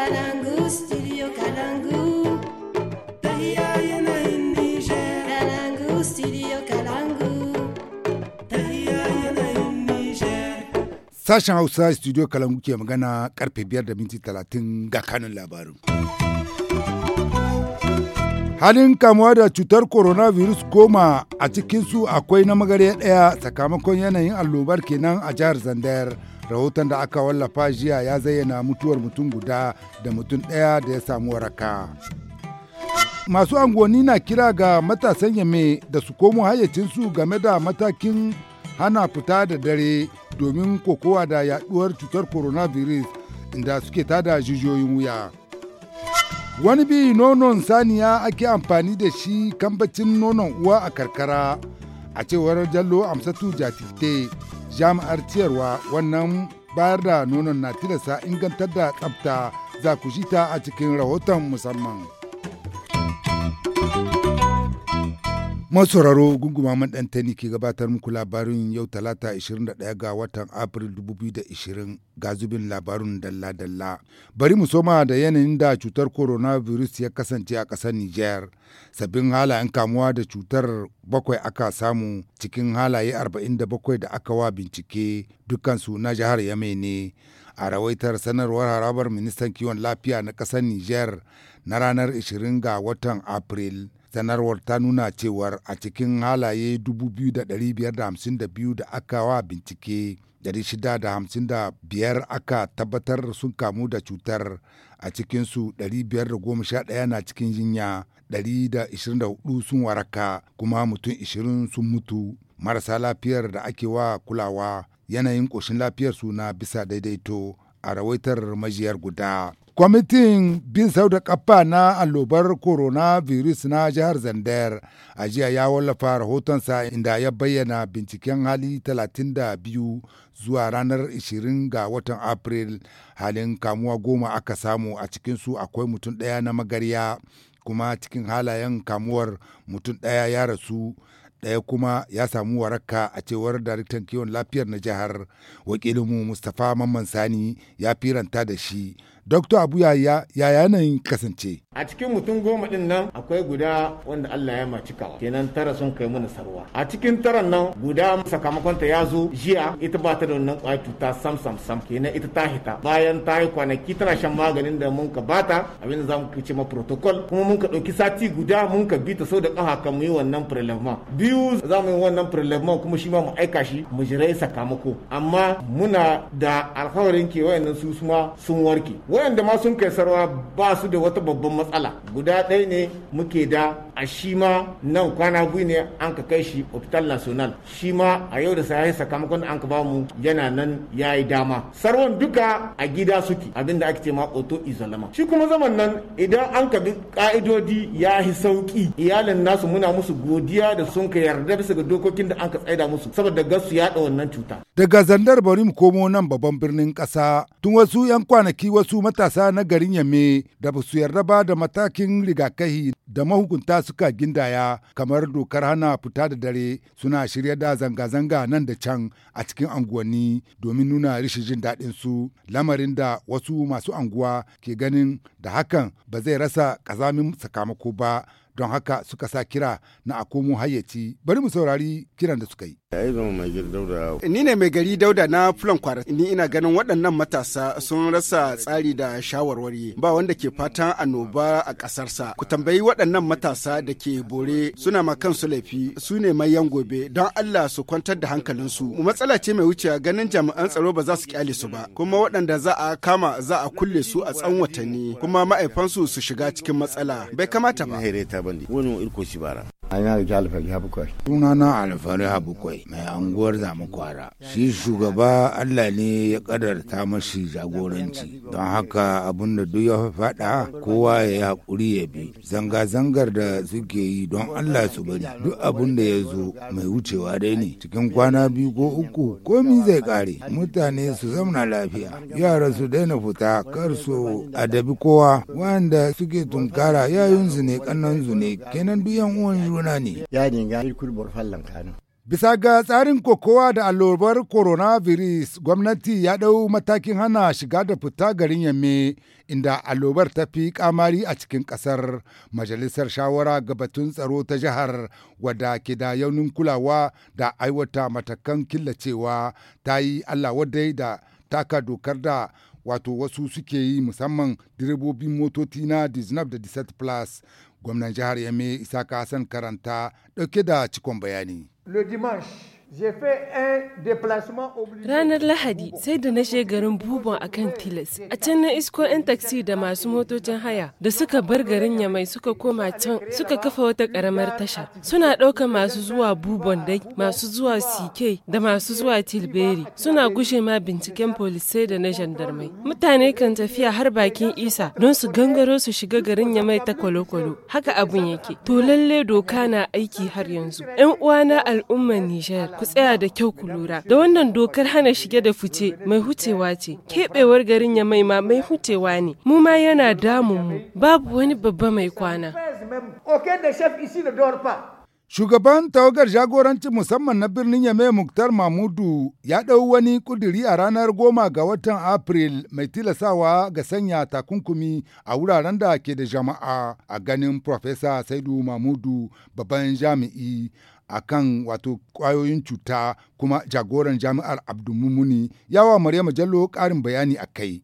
Kalangu, Sashen Hausa studio Kalangu ke magana karfe biyar da minti talatin ga kanun labarin. halin kamuwa da cutar coronavirus goma a cikinsu akwai na magariya ɗaya sakamakon yanayin allobar kenan a jihar zandar rahoton da aka wallafa jiya ya zayyana mutuwar mutum guda da mutum ɗaya da ya samu waraka masu angoni na kira ga matasan yame da su komo hayyacinsu game da matakin hana fita da dare domin kokowa da yaduwar cutar coronavirus inda suke tada jijiyoyin wuya wani bi nonon saniya ake amfani da shi kambacin nonon uwa a karkara a cewar jallo amsatu jatifte jam'ar ciyarwa wannan bayar da nonon na tilasa ingantar da tsafta za ku ji ta a cikin rahoton musamman. masauraro gunguma man ne ke gabatar muku labarin yau talata 21 ga watan april 2020 ga zubin labarun dalla-dalla bari mu soma da yanayin da cutar coronavirus ya kasance a ƙasar niger sabbin halayen kamuwa da cutar bakwai aka samu cikin halaye 47 da aka wa bincike dukansu na jihar yamai ne a rawaitar sanarwar harabar ministan kiwon lafiya na ƙasar niger na ranar 20 ga watan April. sanarwar ta nuna cewar a cikin halaye 2,552 da aka wa bincike 655 aka tabbatar sun kamu da cutar a cikinsu 511 na cikin jinya 124 sun waraka kuma mutum 20 sun mutu marasa lafiyar da ake wa kulawa yanayin ƙoshin lafiyarsu na bisa daidaito a rawaitar majiyar guda. Kwamitin bin sauda da kafa na allobar virus na jihar Zandar a jiya ya wallafa rahotonsa inda ya bayyana binciken hali 32 zuwa ranar 20 ga watan April halin kamuwa goma aka samu a cikinsu akwai mutum ɗaya na magarya kuma cikin halayen kamuwar mutum ɗaya ya rasu ɗaya kuma ya samu waraka a cewar daraktan kiwon lafiyar na jihar wakilinmu mustapha mamman sani ya firanta da shi Dr. Abu Yaya ya yanayin kasance. A cikin mutum goma din nan akwai guda wanda Allah ya kawa. kenan tara sun kai mana sarwa. A cikin taran nan guda sakamakonta ya zo jiya ita ba ta da wannan kwayar cuta sam sam sam kenan ita ta hita. Bayan ta yi kwanaki tana shan maganin da mun ka bata abin da za mu kice ma protocol kuma mun ka ɗauki sati guda mun ka bi ta sau da ƙafa kan mu yi wannan prelevement. Biyu za mu yi wannan prelevement kuma shi ma mu aika shi mu jira sakamako amma muna da alkawarin ke wayannan su suma sun warke wayanda ma sun kai sarwa ba su da wata babban matsala guda ɗaya ne muke da a shi ma nan kwana biyu ne an ka kai shi hospital national shi ma a yau da sai sakamakon an ka ba mu yana nan ya yi dama sarwan duka a gida suke da ake ce ma auto isolama shi kuma zaman nan idan an ka bi ka'idodi ya yi sauki iyalin nasu muna musu godiya da sun ka yarda bisa ga dokokin da an ka tsaida musu saboda gasu yaɗa wannan cuta daga zandar bari mu komo nan babban birnin ƙasa tun wasu 'yan kwanaki wasu matasa na garin Yame da ba yarda ba da matakin rigakahi da mahukunta suka gindaya kamar dokar hana fita da dare suna shirya da zanga-zanga nan da can a cikin anguwanni domin nuna rishin jin daɗin su lamarin da wasu masu anguwa ke ganin da hakan ba zai rasa ƙazamin sakamako ba don haka suka sa kira na a komo hayyaci bari mu saurari kiran da suka yi. Ni ne mai gari dauda na fulan kwara. Ni ina ganin waɗannan matasa sun rasa tsari da shawarwari ba wanda ke fatan annoba a ƙasarsa. Ku tambayi waɗannan matasa da ke bore suna ma kansu laifi su ne mayan gobe don Allah su kwantar da hankalinsu. Matsala ce mai wucewa ganin jami'an tsaro ba za su kyale su ba kuma waɗanda za a kama za a kulle su a tsan watanni kuma ma'aifansu su shiga cikin matsala bai kamata ba. ba wani woni irko bara Ana da alfariha bakwai. Sunana alfariha bakwai mai anguwar kwara Shi shugaba Allah ne ya kadarta mashi jagoranci. Don haka abin da duk ya faɗa kowa ya yi haƙuri ya bi. Zanga-zangar da suke yi don Allah su bari. Duk abin da ya zo mai wucewa dai ne. Cikin kwana biyu ko uku komi zai ƙare. Mutane su zamna lafiya. Yara su daina fita kar su adabi kowa. Wanda suke tunkara yayunsu ne kannansu ne. Kenan duk yan uwan gona ne. Ya dinga irkul borfallan Bisa ga tsarin kokowa da allobar coronavirus, gwamnati ya ɗau matakin hana shiga da fita garin Yamme inda allobar ta fi kamari a cikin ƙasar. Majalisar shawara gabatun tsaro ta jihar wadda ke da yaunin kulawa da aiwata matakan killacewa ta yi Allah wadai da taka dokar da wato wasu suke yi musamman direbobin motoci na Disney da Disset Plus Gwamnan jihar Yame Isaka san karanta dauke da cikon bayani. Le dimanche Ranar Lahadi sai da na je garin Bubon a kan Tilas. A can na isko 'yan taksi da masu motocin haya da suka bar garin ya mai suka koma can suka kafa wata karamar tasha. Suna ɗaukar masu zuwa Bubon dai, masu zuwa Sike da masu zuwa Tilberi. Suna gushe ma binciken polisai da na jandarmai. Mutane kan tafiya har bakin Isa don su gangaro su shiga garin ya mai ta kwalokwalo. Haka abin yake. To lalle doka na aiki har yanzu. 'Yan uwana al'ummar Nijar ku tsaya da kyau ku lura da wannan dokar hana shige da fice mai hucewa ce keɓewar garin ya mai mai hucewa ne mu ma yana damun mu babu wani babba mai kwana Shugaban tawagar jagorancin musamman na birnin Yame Muktar Mamudu ya ɗau wani ƙudiri a ranar goma ga watan april mai tilasawa ga sanya takunkumi a wuraren da ke da jama'a a ganin Profesa Saidu Mamudu babban jami'i. akan wato kwayoyin cuta kuma jagoran jami'ar abdulmumuni yawa maryama jallo ƙarin bayani a kai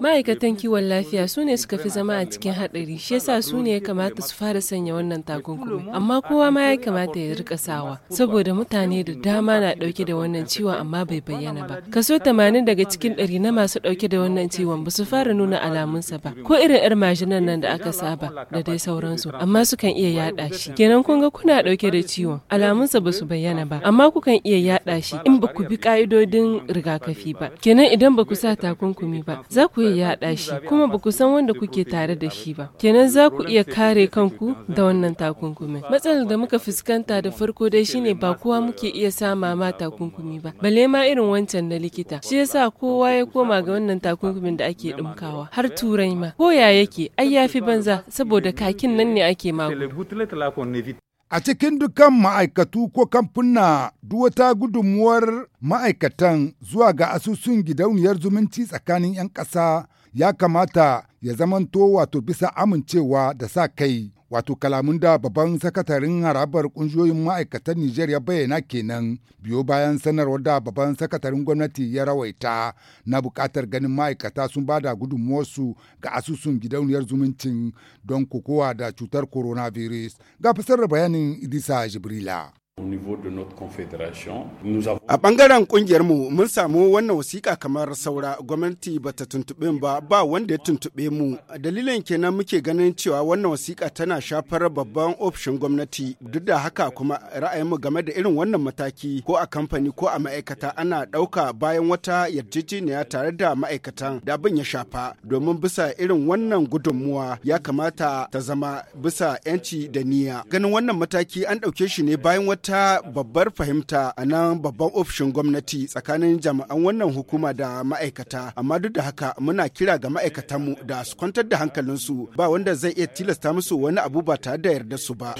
Ma'aikatan kiwon lafiya su ne suka fi zama a cikin haɗari, shi yasa su ne ya kamata su fara sanya wannan takunkumi. Amma kowa ma ya kamata ya rika sawa, saboda mutane da dama na ɗauke da wannan ciwon amma bai bayyana ba. Kaso tamanin daga cikin ɗari na masu ɗauke da wannan ciwon ba su fara nuna alamunsa ba, ko irin ƴar mashinan nan da aka saba da dai sauransu, amma su kan iya yaɗa shi. Kenan kun ga kuna ɗauke da ciwon, alamunsa ba su bayyana ba, amma kukan iya yaɗa shi in ba ku bi ƙa'idodin rigakafi ba. Kenan idan idan ba ku sa takunkumi ba za ku yi yaɗa shi kuma ba ku san wanda kuke tare da shi ba kenan za ku iya kare kanku da wannan takunkumin matsalar da muka fuskanta da farko dai shine ba kowa muke iya sama ma takunkumi ba bale ma irin wancan na likita shi yasa kowa ya koma ga wannan takunkumin da ake dumkawa har turai ma ko ya yake ai yafi banza saboda kakin nan ne ake mako A cikin dukkan ma'aikatu ko kamfuna wata gudunmuwar ma'aikatan zuwa ga asusun gidauniyar zumunci tsakanin 'yan ƙasa ya kamata ya zamanto wato bisa amincewa da sa kai wato kalamun da babban sakatarin harabar kungiyoyin ma'aikatan Nijar ya bayyana kenan biyo bayan sanarwar da babban sakatarin gwamnati ya rawaita na bukatar ganin ma'aikata sun ba da gudunmuwarsu ga asusun gidauniyar zumuncin don kokowa da cutar coronavirus ga fasar bayanin Idisa Jibrila. A ɓangaren ƙungiyarmu mun samu wannan wasiƙa kamar saura gwamnati ba ta tuntuɓe ba ba wanda ya tuntuɓe mu. Dalilin kenan muke ganin cewa wannan wasiƙa tana shafar babban ofishin gwamnati duk da haka kuma ra'ayin mu game da irin wannan mataki ko a kamfani ko a ma'aikata ana ɗauka bayan wata yarjejeniya tare da ma'aikatan da abin ya shafa domin bisa irin wannan gudunmuwa ya kamata ta zama bisa 'yanci da niyya. Ganin wannan mataki an ɗauke shi ne bayan wata ta babbar fahimta a nan babban ofishin gwamnati tsakanin jama'an wannan hukuma da ma'aikata amma duk da haka muna kira ga ma'aikatanmu da su kwantar da hankalinsu ba wanda zai iya tilasta musu wani abu ba tare da yarda su ba.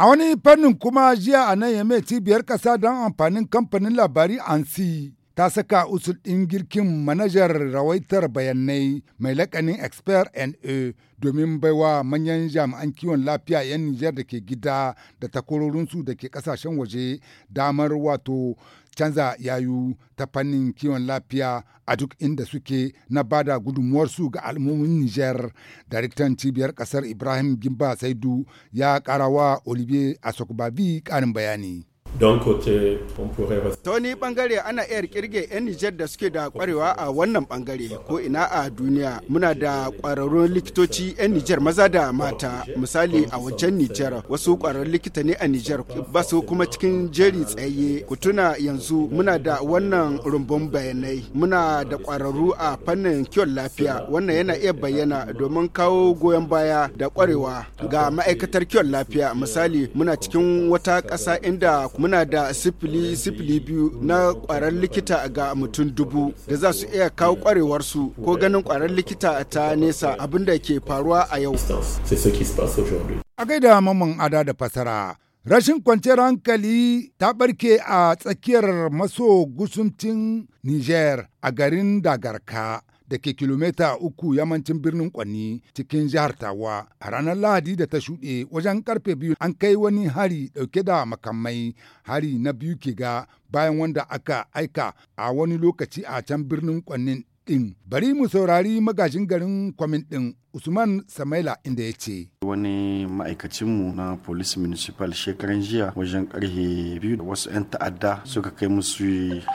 A wani fannin kuma jiya a nan ya mai cibiyar kasa don amfanin kamfanin labari ANSI ta saka usul ɗin girkin manajar rawaitar bayanai mai lakanin expert na domin baiwa manyan jami'an kiwon lafiya 'yan Nijar da ke gida da takwarorinsu da ke kasashen waje damar wato canza yayu ta fannin kiwon lafiya a duk inda suke na bada gudunmuwarsu ga al'ummomin Nijar. Daraktan cibiyar kasar Ibrahim Gimba Saidu ya karawa Olivier Asokbabi karin bayani. don kote wani bangare ana iya kirge 'yan Nijar da suke da kwarewa a wannan bangare ko ina a duniya muna da kwararrun likitoci 'yan Nijar maza da mata misali a wajen Nijar wasu kwararrun likita ne a Nijar ba su kuma cikin jeri tsaye ku tuna yanzu muna da wannan rumbun bayanai muna da kwararru a fannin kiwon lafiya wannan yana iya bayyana domin kawo goyon baya da kwarewa ga ma'aikatar kiwon lafiya misali muna cikin wata ƙasa inda muna da sifili sifili biyu na kwarar likita ga mutum dubu da za su iya kawo kwarewarsu ko ganin kwarar likita ta nesa abin da ke faruwa a yau. A gaida mamman ada da fasara. Rashin kwanciyar hankali ta barke a tsakiyar maso gusuncin Niger a garin Dagarka. da ke kilomita uku yamancin birnin Kwanni cikin jihar Tawa. A ranar Lahadi da ta shuɗe wajen karfe biyu an kai wani hari ɗauke da makamai hari na biyu ke ga bayan wanda aka aika a wani lokaci a can birnin Kwannin ɗin. Bari mu saurari magajin garin kwamin ɗin Usman Samaila inda ya ce. Wani ma'aikacinmu na Police Municipal shekaran jiya wajen karhe biyu da wasu 'yan ta'adda suka kai musu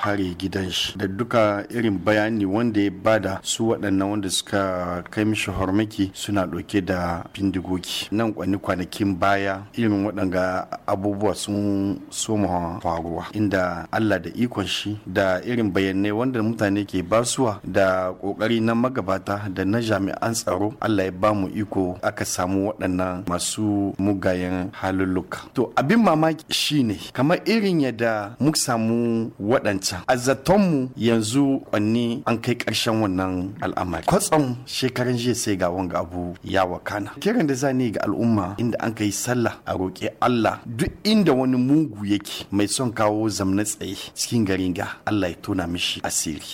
hari gidan shi. Da duka irin bayani wanda ya bada su waɗannan wanda suka kai mishi hormaki suna ɗauke da bindigogi. Nan kwani kwanakin baya irin waɗanga abubuwa sun soma faruwa. Inda Allah da ikon shi da irin bayanai wanda mutane ke basuwa da ƙoƙari na magabata da na jami'an tsaro Allah ya ba mu iko aka samu waɗannan masu mugayen halulluka to abin mamaki ne kamar irin yadda muka samu waɗancan a zatonmu yanzu kwanni an kai ƙarshen wannan al'amari kwatsam shekaran jiya sai ga wanga abu ya wakana kiran da zane ga al'umma inda an kai sallah a roƙe Allah duk inda wani mugu yake mai son kawo zamna tsaye cikin garin ga Allah ya tona mishi asiri.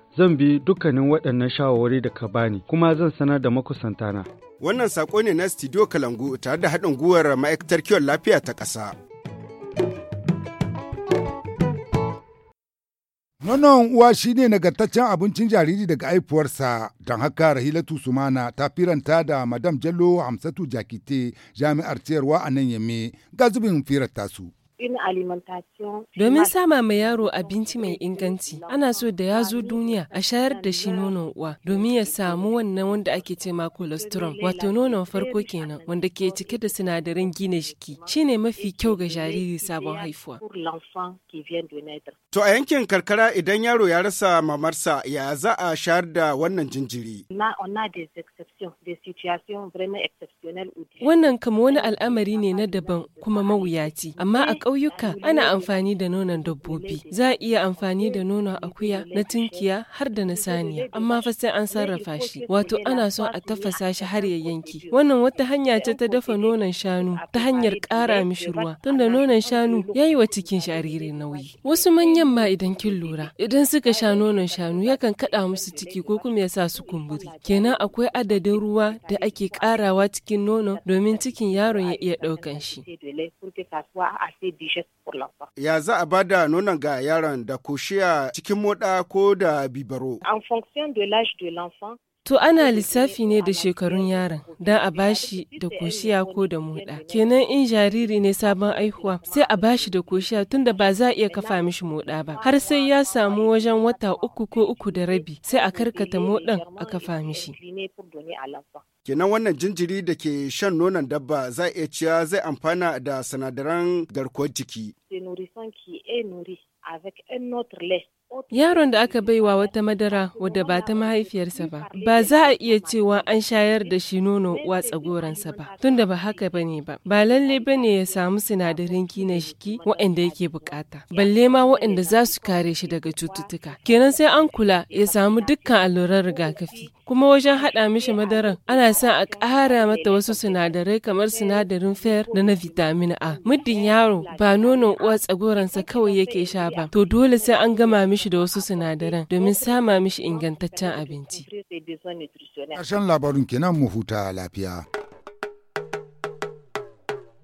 zan bi dukkanin waɗannan shawarwari da ka bani kuma zan sanar da makusantana. Wannan saƙo ne na Studio Kalangu tare da haɗin gwiwar ma'aikatar kiwon lafiya ta ƙasa. Nonon uwa shine nagartaccen abincin jariri daga aifuwarsa, don haka Rahilatu Sumana ta firanta da Madam Jallo Hamsatu Jakite jami'ar ciyarwa a nan Yame ga zubin firar tasu. Domin sama ma yaro abinci mai inganci, ana so da ya zo duniya a shayar da shi nonon uwa domin ya samu wannan wanda ake ce ma colostrum, wato nonon farko kenan wanda ke cike da sinadarin gina jiki. Shine mafi kyau ga jariri sabon haifuwa. To a yankin karkara idan yaro ya rasa mamarsa ya za a shayar da wannan jinjiri. Wannan kama wani al'amari ne na daban kuma mawuyaci, amma a ƙauyuka ana amfani da nonon dabbobi. Za a iya amfani da nonon akuya na tunkiya har da na saniya, amma fa sai an sarrafa shi. Wato ana so a tafasa shi har ya yanki. Wannan wata hanya ce ta dafa nonon shanu ta hanyar ƙara mishi ruwa, tunda nonon shanu ya yi wa cikin shariri nauyi. Wasu manyan ma idan kin lura, idan suka sha nonon shanu yakan kaɗa musu ciki ko kuma ya sa su kumburi. Kenan akwai adadin ruwa da ake ƙarawa cikin nonon domin cikin yaron ya iya ɗaukan shi. bishe shi pour Ya za a bada nonon ga yaron da koshiya cikin moda ko da bibaro? En fonction de l'âge de l'enfant, To ana lissafi ne da shekarun yaron don a bashi da koshiya ko da moɗa. Kenan in jariri ne sabon aihuwa sai a bashi da koshiya tunda ba za a iya kafa mishi moɗa ba. Har sai ya samu wajen wata uku ko uku da rabi sai a karkata moɗan a kafa mishi. kenan wannan jinjiri da ke shan nonon dabba za a iya ciya zai amfana da sinadaran garkuwar jiki. Yaron da aka baiwa wata madara wadda ba ta mahaifiyarsa ba, ba za a iya cewa an shayar da shi nono watsa goransa ba, tunda ba haka ba ne ba. Ba lalle ba ne ya samu sinadarin kina-shiki waɗanda yake bukata, balle ma waɗanda za su kare shi daga cututtuka. Kenan sai an kula ya samu dukkan alluran rigakafi. Kuma wajen haɗa mishi madaran ana sa a ƙara mata wasu sinadarai kamar sinadarin fer da na vitamin A. Muddin yaro ba nono uwa tsagoransa kawai yake sha ba, to dole sai an gama mishi mishi da wasu sinadaran domin sama mishi ingantaccen abinci. Ƙarshen labarin kenan mu huta lafiya.